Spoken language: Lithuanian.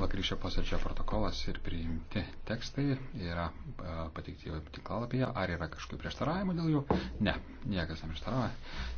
Lakryšio posėdžio protokolas ir priimti tekstai yra pateikti tinklalapyje. Ar yra kažkokių prieštaravimų dėl jų? Ne, niekas neprieštarauja.